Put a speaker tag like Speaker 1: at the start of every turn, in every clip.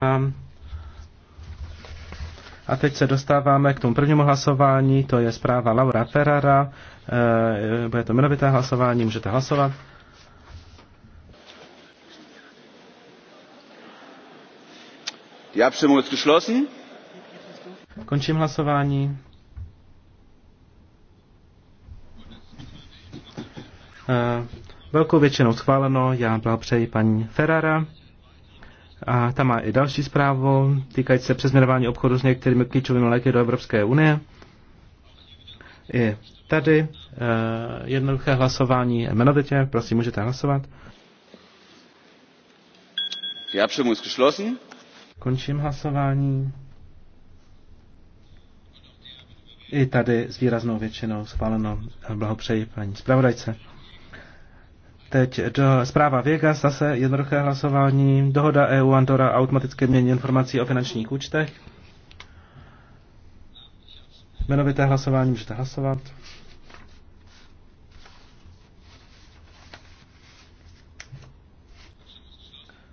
Speaker 1: Ehm, a teď se dostáváme k tomu prvnímu hlasování, to je zpráva Laura Ferrara. Ehm, bude to jmenovité hlasování, můžete hlasovat. Die Abstimmung ist geschlossen. Končím hlasování. Ehm, velkou většinou schváleno, já blahopřeji paní Ferrara. A tam má i další zprávu týkající se přesměrování obchodu s některými klíčovými léky do Evropské unie. I tady e, jednoduché hlasování jmenovitě. Prosím, můžete hlasovat. Die Abstimmung ist geschlossen. Končím hlasování. I tady s výraznou většinou schváleno. Blahopřeji paní zpravodajce. Teď do zpráva Vegas, zase jednoduché hlasování, dohoda EU Andora automatické mění informací o finančních účtech. Jmenovité hlasování můžete hlasovat.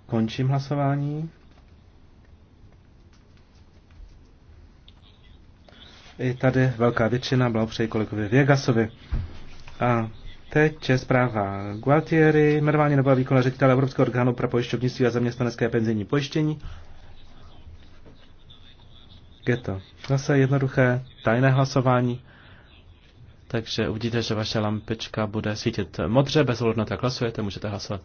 Speaker 1: Končím hlasování. I tady velká většina, blahopřeji kolegovi Vegasovi. A Teď je zpráva Gualtieri, jmenování nového výkona ředitele Evropského orgánu pro pojišťovnictví a zaměstnanecké penzijní pojištění. Je to zase jednoduché tajné hlasování, takže uvidíte, že vaše lampička bude svítit modře, bez ohledu na to, jak hlasujete, můžete hlasovat.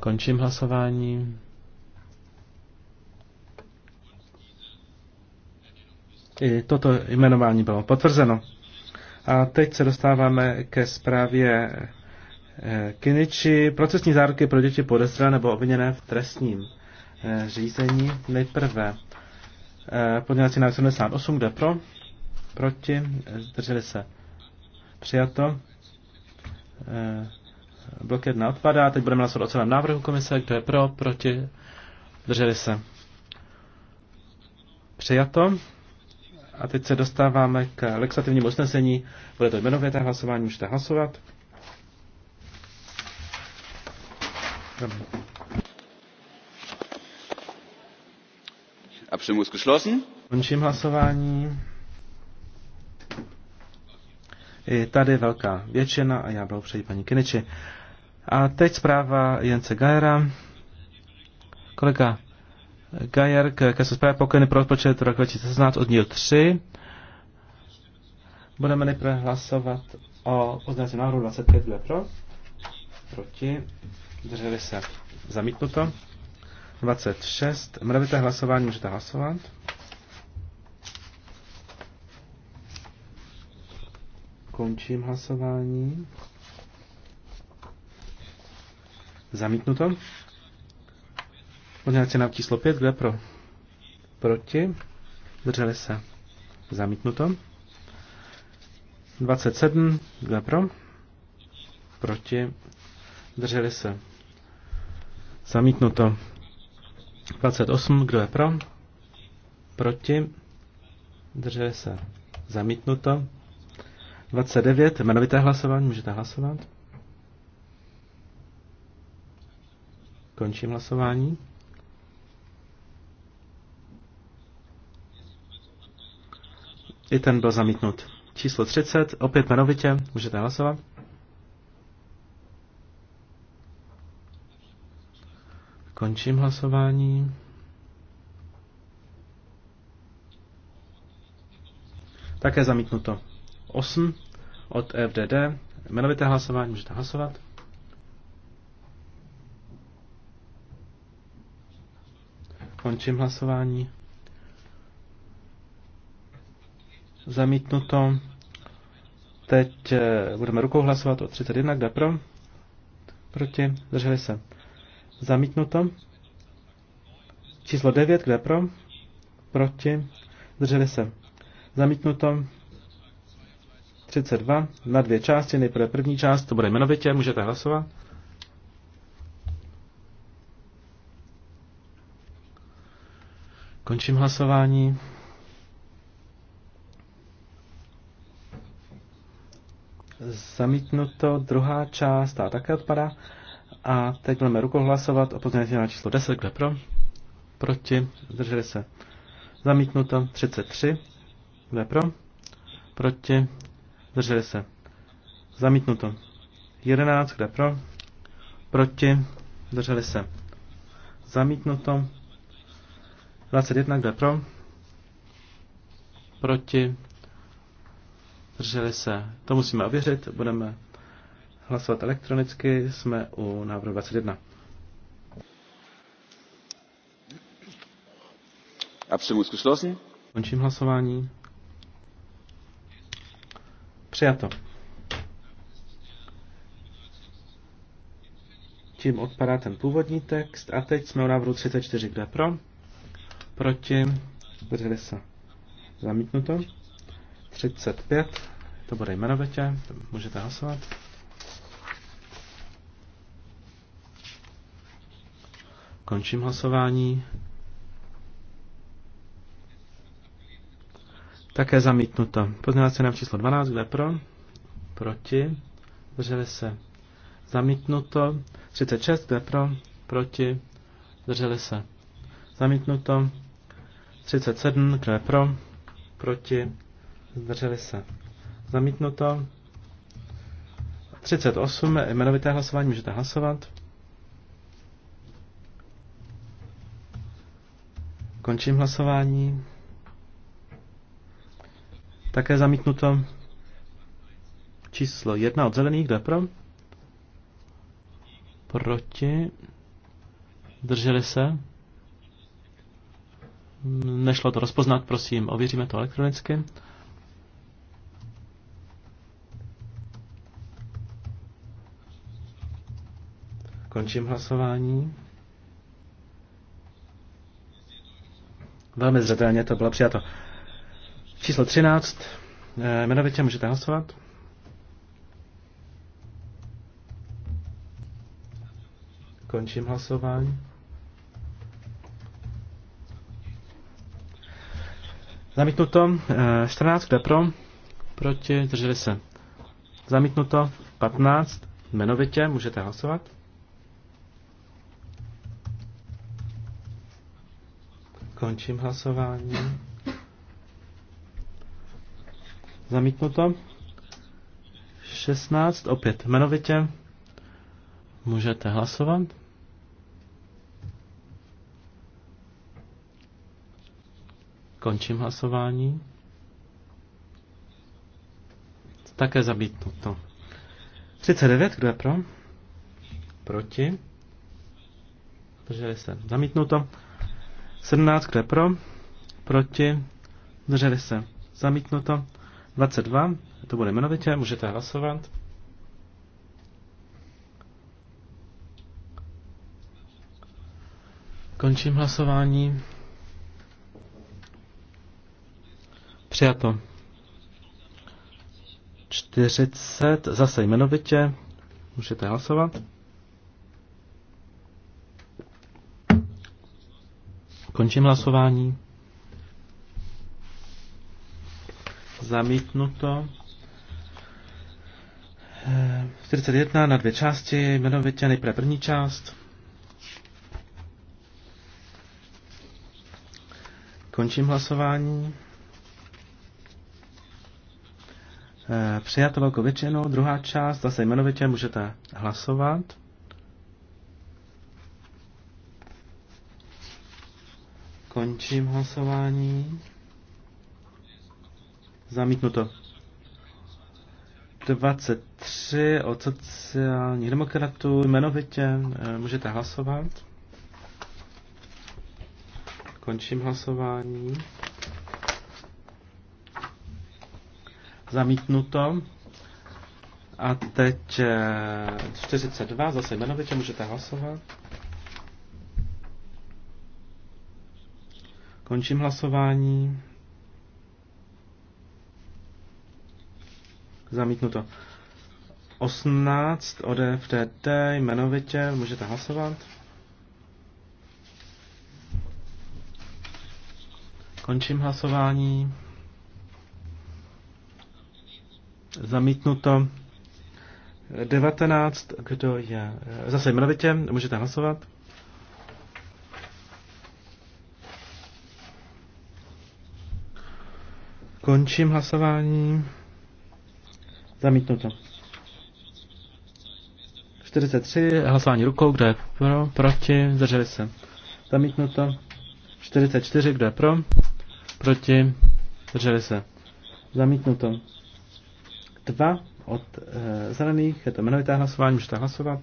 Speaker 1: Končím hlasování. I toto jmenování bylo potvrzeno. A teď se dostáváme ke zprávě eh, Kiniči. Procesní záruky pro děti podezřelé nebo obviněné v trestním eh, řízení. Nejprve eh, podnělací návrh 78, kde pro, proti, zdrželi se. Přijato. Blok 1 odpadá. Teď budeme hlasovat o celém návrhu komise. Kdo je pro, proti, zdrželi se. Přijato. A teď se dostáváme k legislativnímu usnesení. Bude to jmenovité hlasování, můžete hlasovat.
Speaker 2: Abstimmung ist geschlossen.
Speaker 1: Končím hlasování. Je tady velká většina a já blahopřeji paní Kineči. A teď zpráva Jence Gajera. Kolega Gajer ke, ke zprávě pokyny pro rozpočet roku 2016 díl 3. Budeme nejprve hlasovat o pozdravci návrhu 25, kdo pro, proti, drželi se zamítnuto. 26, Mravíte hlasování, můžete hlasovat. Končím hlasování. Zamítnuto. Pozměňovací návrh číslo 5, kdo je pro? Proti? drželi se. Zamítnuto. 27, kdo je pro? Proti? drželi se. Zamítnuto. 28, kdo je pro? Proti? drželi se. Zamítnuto. 29, jmenovité hlasování, můžete hlasovat. Končím hlasování. I ten byl zamítnut. Číslo 30, opět jmenovitě, můžete hlasovat. Končím hlasování. Také zamítnuto. 8 od FDD. Jmenovité hlasování můžete hlasovat. Končím hlasování. Zamítnuto. Teď eh, budeme rukou hlasovat o 31, kde pro? Proti? Drželi se. Zamítnuto. Číslo 9, kde pro? Proti? Drželi se. Zamítnuto. 32 na dvě části. Nejprve první část, to bude jmenovitě, můžete hlasovat. Končím hlasování. zamítnuto, druhá část, a také odpadá. A teď budeme rukou hlasovat o pozměnění na číslo 10, kde pro, proti, zdrželi se. Zamítnuto 33, kde pro, proti, zdrželi se. Zamítnuto 11, kde pro, proti, zdrželi se. Zamítnuto 21, kde pro, proti, Zdrželi se. To musíme ověřit. Budeme hlasovat elektronicky. Jsme u návrhu 21. Abstimmung geschlossen. Končím hlasování. Přijato. Tím odpadá ten původní text a teď jsme u návrhu 34. Kdo pro? Proti? Zdrželi se. Zamítnuto. 35, to bude jmenovitě, můžete hlasovat. Končím hlasování. Také zamítnuto. Poznávací nám číslo 12, kde pro? Proti. Drželi se. Zamítnuto. 36, kde pro? Proti. Drželi se. Zamítnuto. 37, kde pro? Proti zdrželi se. Zamítnuto. 38, jmenovité hlasování, můžete hlasovat. Končím hlasování. Také zamítnuto číslo 1 od zelených, je pro? Proti. Drželi se. Nešlo to rozpoznat, prosím, ověříme to elektronicky. Končím hlasování. Velmi zřetelně to bylo přijato. Číslo 13. Eh, jmenovitě můžete hlasovat. Končím hlasování. Zamítnuto 14, eh, kde pro? Proti, drželi se. Zamítnuto 15, jmenovitě, můžete hlasovat. Končím hlasování. Zamítnuto. 16, opět jmenovitě. Můžete hlasovat. Končím hlasování. Také zamítnuto. 39, kdo je pro? Proti. Drželi se. Zamítnuto. 17, kdo je pro? Proti? Zdrželi se. Zamítnuto. 22, to bude jmenovitě, můžete hlasovat. Končím hlasování. Přijato. 40, zase jmenovitě, můžete hlasovat. Končím hlasování. Zamítnuto. 41 eh, na dvě části, jmenovitě nejprve první část. Končím hlasování. Eh, přijato velkou většinou, druhá část, zase jmenovitě můžete hlasovat. Končím hlasování. Zamítnuto. 23 od sociálních demokratů jmenovitě eh, můžete hlasovat. Končím hlasování. Zamítnuto. A teď 42, eh, zase jmenovitě můžete hlasovat. Končím hlasování. Zamítnuto. 18 od FTT jmenovitě, můžete hlasovat. Končím hlasování. Zamítnuto. 19, kdo je? Zase jmenovitě, můžete hlasovat. Končím hlasování. Zamítnuto. 43, hlasování rukou, kdo je pro, proti, zdrželi se. Zamítnuto. 44, kdo je pro, proti, zdrželi se. Zamítnuto. 2 od e, zelených, je to jmenovité hlasování, můžete hlasovat.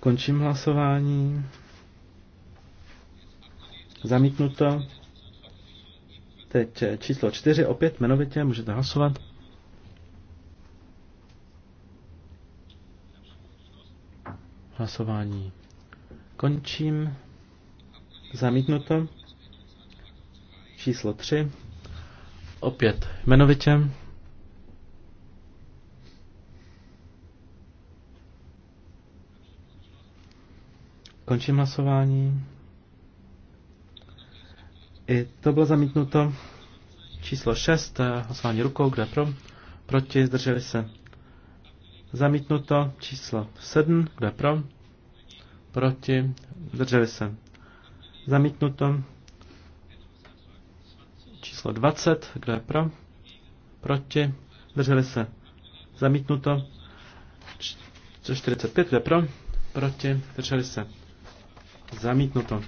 Speaker 1: Končím hlasování. Zamítnuto. Teď eh, číslo čtyři, opět jmenovitě, můžete hlasovat. Hlasování končím. Zamítnuto. Číslo 3. Opět jmenovitě. Končím hlasování. I to bylo zamítnuto. Číslo 6, eh, hlasování rukou, kde pro, proti, zdrželi se. Zamítnuto. Číslo 7, kde pro, proti, zdrželi se. Zamítnuto. Číslo 20, kde pro, proti, zdrželi se. Zamítnuto. 45, kde pro, proti, zdrželi se. Zamítnuto.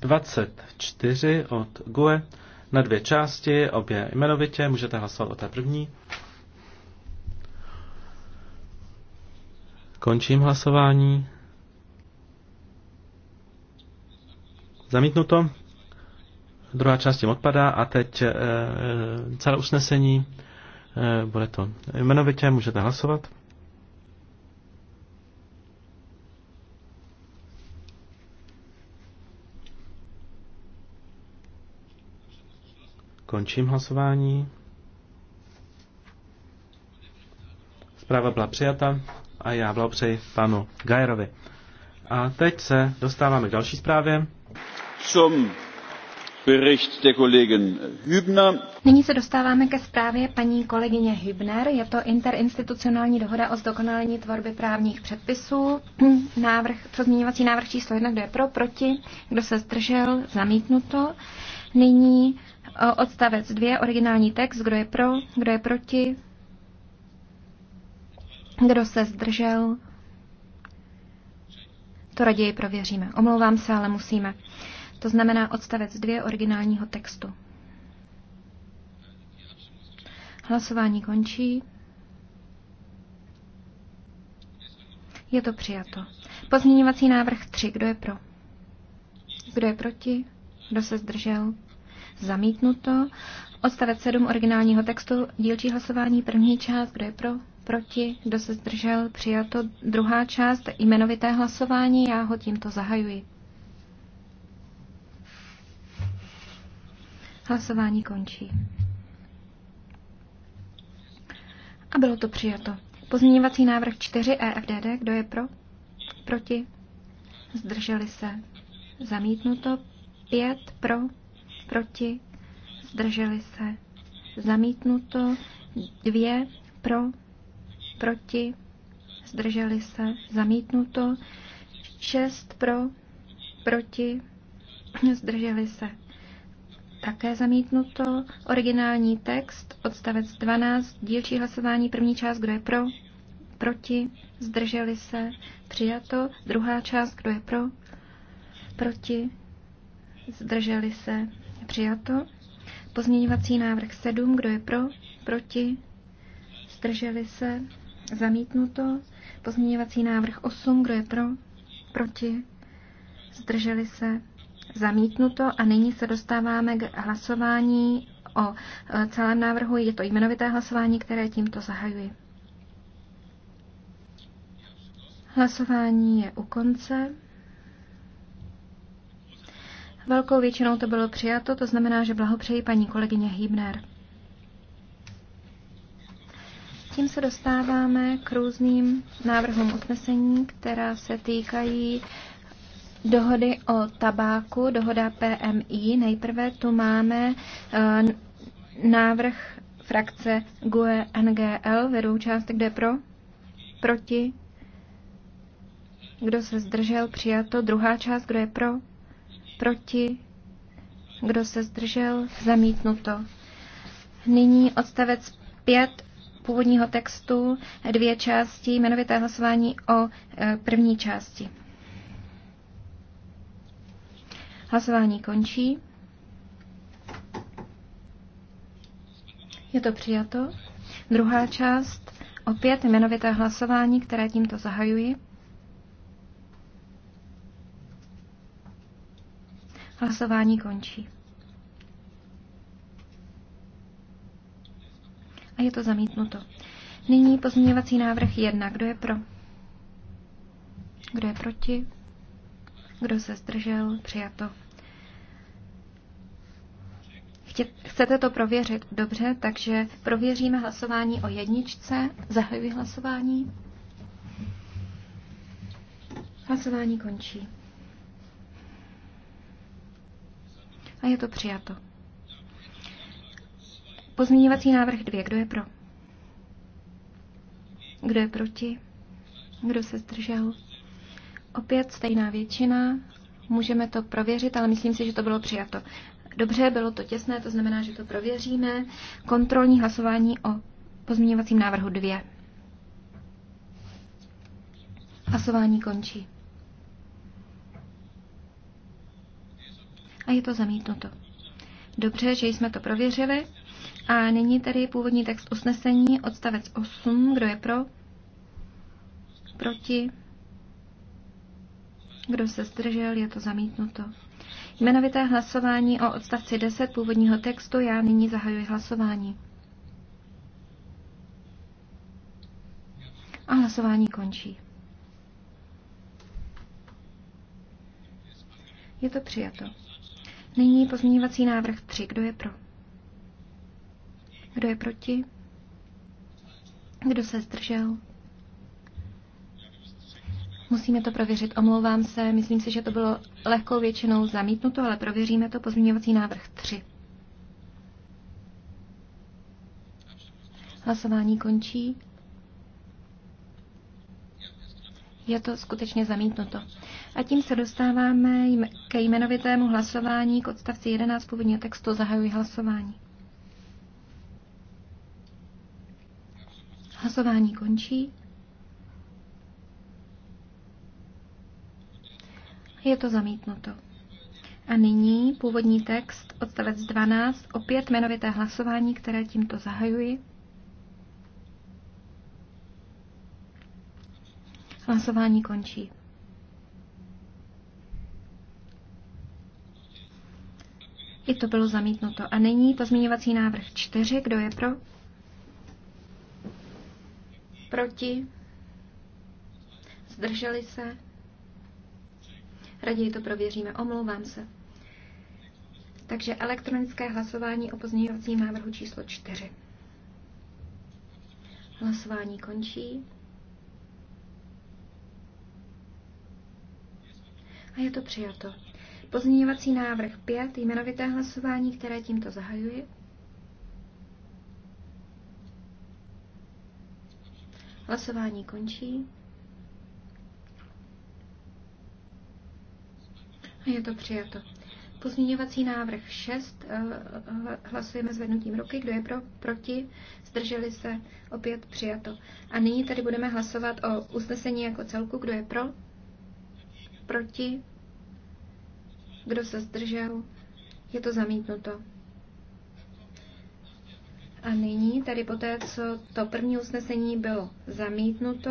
Speaker 1: 24 od GUE na dvě části, obě jmenovitě, můžete hlasovat o té první. Končím hlasování. Zamítnuto. Druhá část tím odpadá a teď e, celé usnesení. E, bude to jmenovitě, můžete hlasovat. Končím hlasování. Zpráva byla přijata a já blahopřeji panu Gajerovi. A teď se dostáváme k další zprávě. Zum Bericht der Kollegin Hübner.
Speaker 2: Nyní se dostáváme ke zprávě paní kolegyně Hübner. Je to interinstitucionální dohoda o zdokonalení tvorby právních předpisů. Návrh, pozměňovací návrh číslo 1, kdo je pro, proti, kdo se zdržel, zamítnuto. Nyní Odstavec 2, originální text, kdo je pro, kdo je proti, kdo se zdržel. To raději prověříme. Omlouvám se, ale musíme. To znamená odstavec 2 originálního textu. Hlasování končí. Je to přijato. Pozměňovací návrh 3. Kdo je pro? Kdo je proti? Kdo se zdržel? zamítnuto. Odstavec 7 originálního textu, dílčí hlasování, první část, kdo je pro, proti, kdo se zdržel, přijato. Druhá část, jmenovité hlasování, já ho tímto zahajuji. Hlasování končí. A bylo to přijato. Pozměňovací návrh 4 EFDD, kdo je pro? Proti? Zdrželi se. Zamítnuto. 5 pro, proti, zdrželi se, zamítnuto, dvě pro, proti, zdrželi se, zamítnuto, šest pro, proti, zdrželi se, také zamítnuto, originální text, odstavec 12, dílčí hlasování, první část, kdo je pro, proti, zdrželi se, přijato, druhá část, kdo je pro, proti, zdrželi se, Přijato. Pozměňovací návrh 7. Kdo je pro? Proti? Zdrželi se? Zamítnuto. Pozměňovací návrh 8. Kdo je pro? Proti? Zdrželi se? Zamítnuto. A nyní se dostáváme k hlasování o e, celém návrhu. Je to jmenovité hlasování, které tímto zahajuji. Hlasování je u konce. Velkou většinou to bylo přijato, to znamená, že blahopřeji paní kolegyně Hýbner. Tím se dostáváme k různým návrhům usnesení, která se týkají dohody o tabáku, dohoda PMI. Nejprve tu máme eh, návrh frakce GUE NGL, vedou část, kde pro, proti, kdo se zdržel, přijato, druhá část, kdo je pro, proti, kdo se zdržel, zamítnuto. Nyní odstavec 5 původního textu, dvě části, jmenovité hlasování o e, první části. Hlasování končí. Je to přijato. Druhá část, opět jmenovité hlasování, které tímto zahajuji. Hlasování končí. A je to zamítnuto. Nyní pozměňovací návrh 1. Kdo je pro? Kdo je proti? Kdo se zdržel? Přijato. Chcete to prověřit? Dobře, takže prověříme hlasování o jedničce. Zahajuji hlasování. Hlasování končí. a je to přijato. Pozměňovací návrh dvě. Kdo je pro? Kdo je proti? Kdo se zdržel? Opět stejná většina. Můžeme to prověřit, ale myslím si, že to bylo přijato. Dobře, bylo to těsné, to znamená, že to prověříme. Kontrolní hlasování o pozměňovacím návrhu dvě. Hlasování končí. a je to zamítnuto. Dobře, že jsme to prověřili. A nyní tedy původní text usnesení, odstavec 8. Kdo je pro? Proti? Kdo se zdržel, je to zamítnuto. Jmenovité hlasování o odstavci 10 původního textu já nyní zahajuji hlasování. A hlasování končí. Je to přijato. Nyní pozměňovací návrh 3. Kdo je pro? Kdo je proti? Kdo se zdržel? Musíme to prověřit. Omlouvám se, myslím si, že to bylo lehkou většinou zamítnuto, ale prověříme to pozměňovací návrh 3. Hlasování končí. Je to skutečně zamítnuto. A tím se dostáváme ke jmenovitému hlasování k odstavci 11 původního textu. Zahajuji hlasování. Hlasování končí. Je to zamítnuto. A nyní původní text, odstavec 12, opět jmenovité hlasování, které tímto zahajuji. Hlasování končí. I to bylo zamítnuto. A nyní pozměňovací návrh 4. Kdo je pro? Proti? Zdrželi se? Raději to prověříme. Omlouvám se. Takže elektronické hlasování o pozměňovacím návrhu číslo 4. Hlasování končí. A je to přijato. Pozměňovací návrh 5, jmenovité hlasování, které tímto zahajuji. Hlasování končí. A je to přijato. Pozměňovací návrh 6. Eh, eh, hlasujeme zvednutím ruky. Kdo je pro? Proti? Zdrželi se? Opět přijato. A nyní tady budeme hlasovat o usnesení jako celku. Kdo je pro? Proti? Kdo se zdržel? Je to zamítnuto. A nyní, tady poté, co to první usnesení bylo zamítnuto,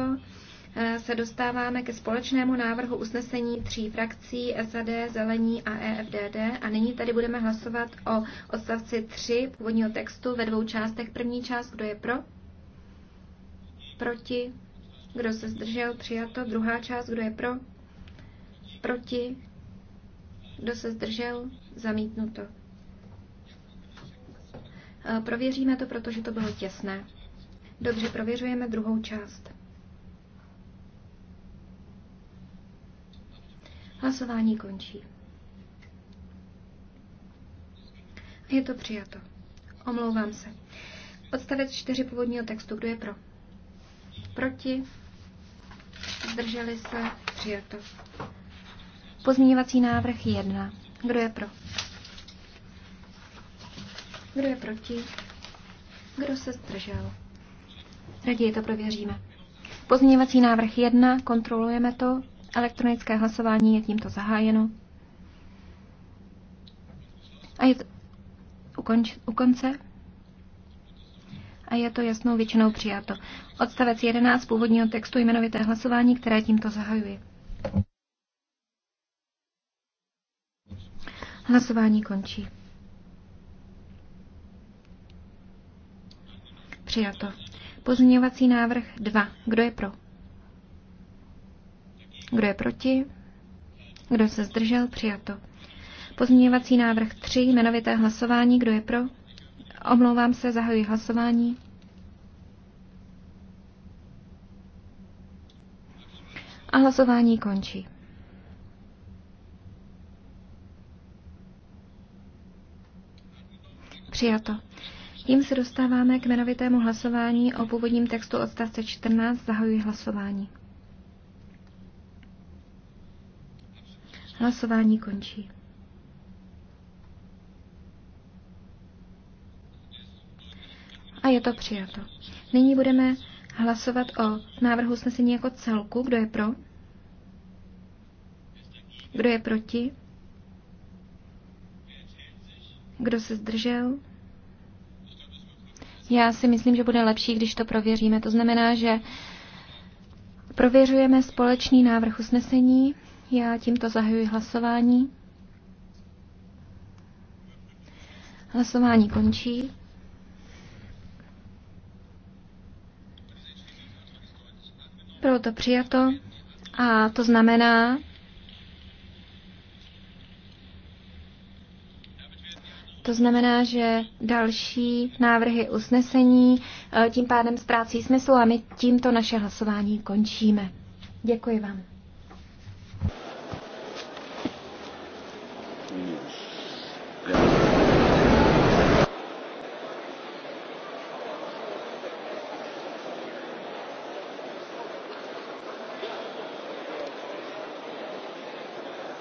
Speaker 2: eh, se dostáváme ke společnému návrhu usnesení tří frakcí SAD, Zelení a EFDD. A nyní tady budeme hlasovat o odstavci 3 původního textu ve dvou částech. První část, kdo je pro? Proti? Kdo se zdržel? Přijato. Druhá část, kdo je pro? Proti? Kdo se zdržel? Zamítnuto. E, prověříme to, protože to bylo těsné. Dobře, prověřujeme druhou část. Hlasování končí. Je to přijato. Omlouvám se. Odstavec čtyři původního textu. Kdo je pro? Proti? Zdrželi se? Přijato. Pozměňovací návrh 1. Kdo je pro? Kdo je proti? Kdo se zdržel? Raději to prověříme. Pozměňovací návrh 1, kontrolujeme to. Elektronické hlasování je tímto zahájeno. A je to konč, u konce. A je to jasnou většinou přijato. Odstavec 11 původního textu jmenovité hlasování, které tímto zahajuje. Hlasování končí. Přijato. Pozměňovací návrh 2. Kdo je pro? Kdo je proti? Kdo se zdržel? Přijato. Pozměňovací návrh 3. Jmenovité hlasování. Kdo je pro? Omlouvám se, zahajuji hlasování. A hlasování končí. Přijato. Tím se dostáváme k jmenovitému hlasování o původním textu odstavce 14. Zahajuji hlasování. Hlasování končí. A je to přijato. Nyní budeme hlasovat o návrhu usnesení jako celku. Kdo je pro? Kdo je proti? Kdo se zdržel? Já si myslím, že bude lepší, když to prověříme. To znamená, že prověřujeme společný návrh usnesení. Já tímto zahajuji hlasování. Hlasování končí. Bylo to přijato a to znamená, To znamená, že další návrhy usnesení eh, tím pádem ztrácí smysl a my tímto naše hlasování končíme. Děkuji vám.